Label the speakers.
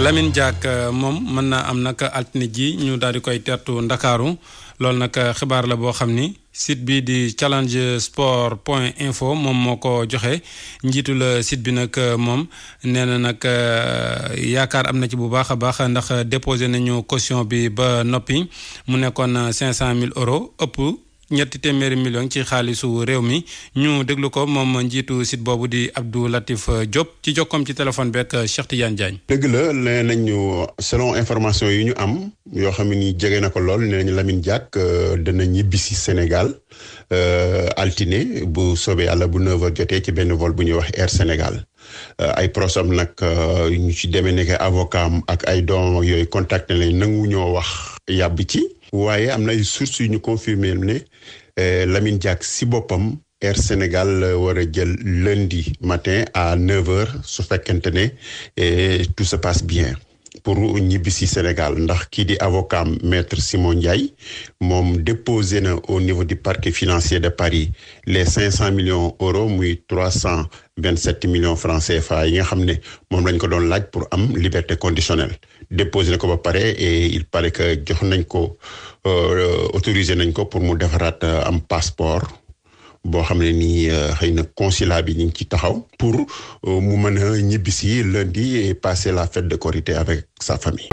Speaker 1: Lamine Diack euh, moom mën naa am nag altine ji ñu daal di koy tertu ndakaaru loolu nag euh, xibaar la boo xam ni site bii di challenge sport point info moom moo ko joxe njiitu la site bi nag euh, moom nee na nag yaakaar am na ci bu baax a baax ndax déposé nañu caution bi ba noppi mu nekkoon cinq cent mille euros ëpp. ñetti téeméeri million ci xaalisu réew mi ñu déglu ko moom njiitu sit boobu di Abdou Latif euh, Diop ci jokkoom ci téléphone beeg euh, Cheikh Tidiane Diagne.
Speaker 2: dëgg la nee nañu selon information yi ñu am yoo xam ni jege na ko lool nee ñu Lamine Diack euh, dana ñibbi si Sénégal altine bu sobee yàlla bu 9 jotee ci benn vol bu ñuy wax Air Sénégal. ay prosom nag ñu ci demee nekk avocat ak ay doomam yooyu contacté lañ nangu ñoo wax yàbb ci waaye am na ay yu ñu confirmé ne eh, Lamine Diack si boppam Air Sénégal eh, war a jël lundi matin à neuf heures su fekkente ne eh, tout se passe bien pour ñibbi si Sénégal ndax kii di avocat maître Simon Ndiaye moom déposé na au niveau du parquet financier de Paris les cinq cent millions euros muy trois cent vingt sept millions francs CFA yi nga xam ne moom lañ ko doon laaj pour am liberté conditionnelle déposé na ko ba pare et il paraît que jox nañ ko euh, autorisé nañ ko pour mu defaraat euh, am passeport. boo xam ne nii euh, xëy na consulat bi ñu ngi ci taxaw pour euh, mu mën a ñibbisi lundi et passer la fête de Korité avec sa famille.